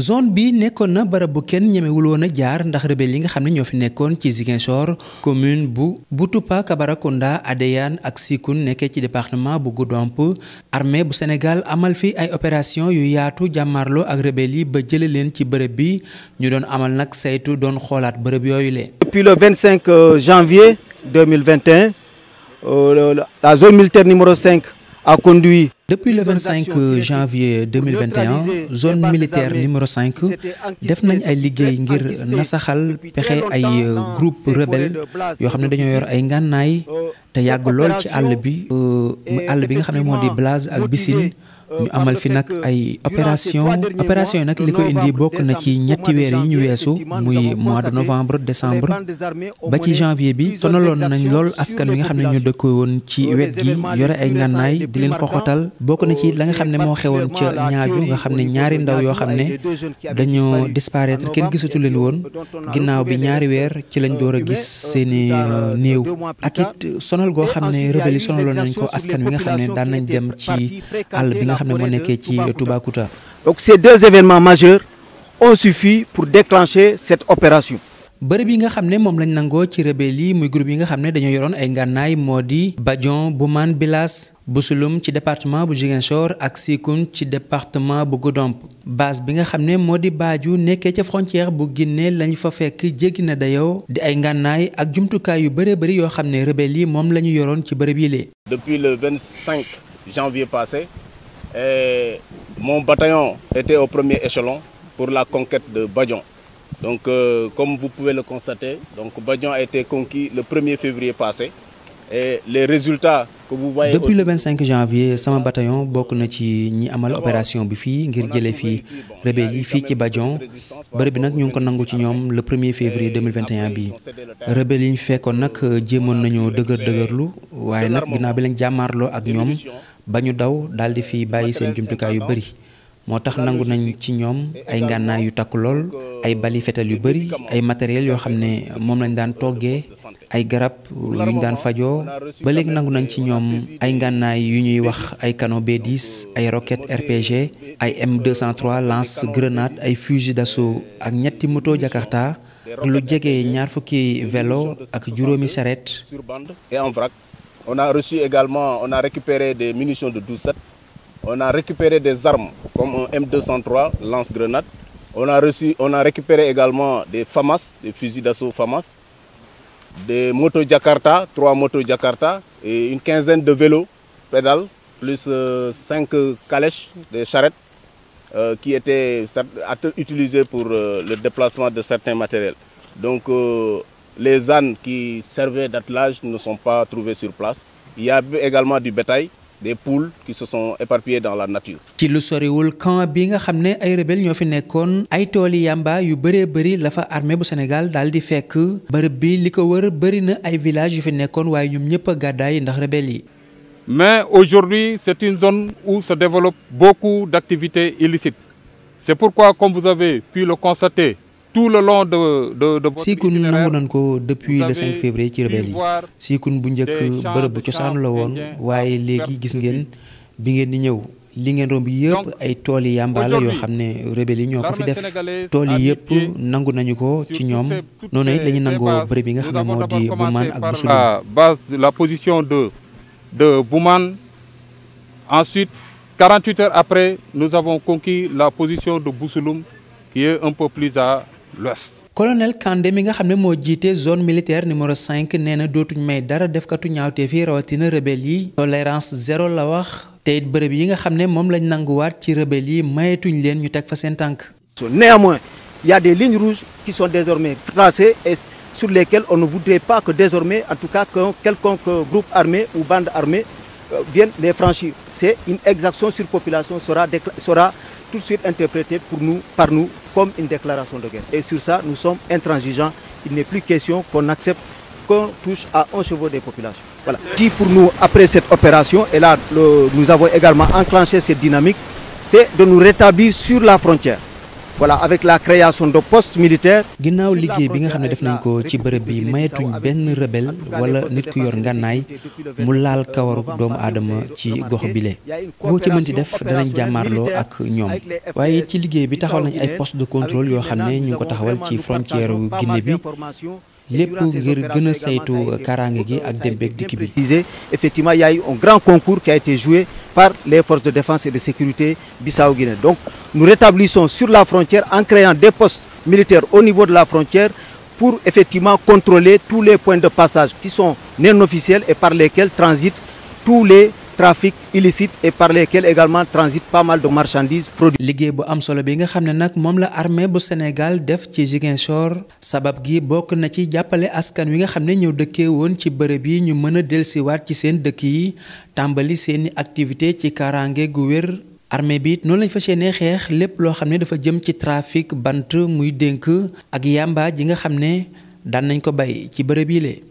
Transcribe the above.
zone bi nekkoon na barab bu kenn ñemewul woon jaar ndax rebelle yi nga xam ne ñoo fi nekkoon ci Ziguinchor commune bu Boutoupa Kabarakounda Adéane ak Sikun nekkee ci département bu Goudomp armée bu senegal amal fi ay opération yu yaatu jàmmarloo ak rebelle yi ba jële leen ci bërëb bi ñu doon amal nag saytu doon xoolaat bërëb yooyu le depuis le 25 euh, janvier 2021 euh, la zone militaire numéro 5 a conduit depuis le 25 euh, janvier 2021 zone militaire numéro cinq def nañ ay liggéey ngir nasaxal pexe ay euh, groupe rebelle yoo xam ne dañoo yor ay ngànnaay euh, te yàgg lool ci àll bi àll bi nga xam ne moo di Blaze ak Bissine ñu euh, amal fi nag ay opération opération yi nag li ko indi bokk na ci ñetti weer yi ñu weesu muy mois de novembre décembre ba ci janvier bi sonaloon nañ lool askan wi nga xam ne ñu dëkk woon ci wet gi yore ay ngànnaay di leen xoxotal bokk na ci la nga xam ne moo xewoon ca ñaaju nga xam ne ñaari ndaw yoo xam ne dañoo disparaître kenn gisatu leen woon ginnaaw bi ñaari weer ci lañ door a gis seeni néew ak it sonal goo xam ne rebelle yi sonaloon nañ ko askan wi nga xam ne daan nañ dem xam ne moo nekkee ci Toubacouta. donc ces deux événements majeurs ont suffi pour déclencher cette opération. bërëb yi nga xam ne moom lañ nangoo ci rebelle yi muy groupe yi nga xam ne dañoo yoroon ay ngànnaay moo di Badion Boumane Bilaas Busulum ci département bu jigen Ziguinchor ak Sikun ci département bu Goudomp base bi nga xam ne moo di Baaju nekkee ca frontière bu Guinée lañ fa fekk jéggi na dayoo di ay ngànnaay ak jumtukaay yu bëree bëri yoo xam ne rebelle yi moom la ñu yoroon ci bërëb yi lee Et mon bataillon était au premier échelon pour la conquête de Badian. Donc, euh, comme vous pouvez le donc Badian a été le 1er février passé. Et les résultats que vous voyez depuis le 25 janvier sama bataillon bokk na ci ñi amal opération bi fii ngir jëlee fii rebelle yi fii ci bajon bërëb bi nag ñu ngi ko nangu ci ñoom le 1er février 2021 bii rebelle yi ñu fekkoon nag jéemoon nañoo dëgër dëgërlu waaye nag ginnaaw bi lañ jàmmaarloo ak ñoom ba ñu daw daal di fi bàyyi seen jumtukaay yu bëri moo tax nangu nañ ci ñoom ay ngànnaay yu takku lool ay bali fetal yu bëri ay matériels yoo xam ne moom lañ daan toggee ay garab yu daan fajoo ba léegi nangu nañ ci ñoom ay ngànnaay yu ñuy wax ay canon B10 ay roquette RPG ay M203 lance grenade ay fusil d'assaut ak ñetti moto Jakarta lu jege ñaar fukki vélo ak juróomi charrette. On a reçu également, on a récupéré des munitions de 12-7. On a récupéré des armes comme un M203 lance-grenade. On a reçu, on récupéré également des FAMAS, des fusils d'assaut FAMAS, des moto Jakarta, trois motos Jakarta et une quinzaine de vélos pédales plus euh, cinq calèches, des charrettes euh, qui étaient utilisées pour euh, le déplacement de certains matériels. Donc euh, Les ânes qui servaient d'attelage ne sont pas trouvés sur place. Il y a également du bétail, des poules qui se sont éparpillées dans la nature. ci lu soriwul camp bi nga xam ne ay rebelle ñoo fi nekkoon ay tooli yamba yu bëree bëri la fa armée bu Sénégal daal di fekk bërëb bi li ko war bëri na ay villages yu fi nekkoon waaye ñoom ñëpp a gàddaay ndax rebelle yi. mais aujourd'hui c'est une zone où se développent beaucoup d'activités illicites. c'est pourquoi comme vous avez pu le constater. tout le long de de de. Sikun nangu nañ ko depuis le 5 février ci rebelle yi Sikun bu njëkk bërëb bu cosaan la woon waaye léegi gis ngeen bi ngeen di ñëw li ngeen romb yëpp ay tool yi yàmbaa yoo xam ne rebelle yi ñoo ko fi def tool yi yëpp nangu nañu ko ci ñoom noonu it la ñu nangoo bërëb yi nga xam ne moo di Boumane ak Boussoulou. la base de de Boumane ensuite 48 après nous avons la position de Boussouloum qui est l'Ouest. colonel Kandé mi nga xam ne moo jiite zone militaire numéro 5 nee na dootuñ may dara defkatu ñaawteef yi rawatina rebelle yi tolérance zéro la wax te it bërëb yi nga xam ne moom lañ nanguwaat ci rebelle yi mayetuñ leen ñu teg fa seen tànk. néanmoins ya y a des lignes rouges qui sont désormais tracées et sur lesquelles on ne voudrait pas que désormais en tout cas qu'un quelconque groupe armé ou bande armée euh, vienne les franchir c'est une exaction sur population sera tout de suite interprété pour nous, par nous comme une déclaration de guerre. Et sur ça, nous sommes intransigeants. Il n'est plus question qu'on accepte qu'on touche à un chevaux des populations. Voilà. Qui pour nous, après cette opération, et là le, nous avons également enclenché cette dynamique, c'est de nous rétablir sur la frontière. voilà avec la création de postes militaires. ginnaaw liggéey bi nga xam ne def nañ ko ci bërëb bi mayetuñ benn rebelle wala nit ku yor ngànnaay mu laal kawaru doomu aadama ci gox bile. koo ci mënti def danañ jàmmaarloo ak ñoom waaye ci liggéey bi taxawal nañ ay postes de contrôle yoo xam ne ñu ngi ko taxawal ci frontière gu Guinée bi. lépp ngir gën a saytu kaaraange gi ak dem beeg dikk bi. effectivement y a eu un grand concours qui a été joué par les forces de défense et de sécurité Bissau-Guinée donc nous rétablissons sur la frontière en créant des postes militaires au niveau de la frontière pour effectivement contrôler tous les points de passage qui sont non officiels et par lesquels transitent tous les trafic illicite et par lesquels également transitent pamal mal de marchandises produits. liggéey bu am solo bi nga xam ne nag moom la armée bu Sénégal def ci Ziguinchor sabab gi bokk na ci jàppale askan wi nga xam ne ñëw dëkkee woon ci bërëb yi ñu mën a waat ci seen dëkk yi tàmbali seeni activité ci kaaraange gu wér. armée bi noonu lañ fas yéenee xeex lépp loo xam ne dafa jëm ci trafic bant muy dénk ak yamba ji nga xam ne daan nañ ko bay ci bërëb yi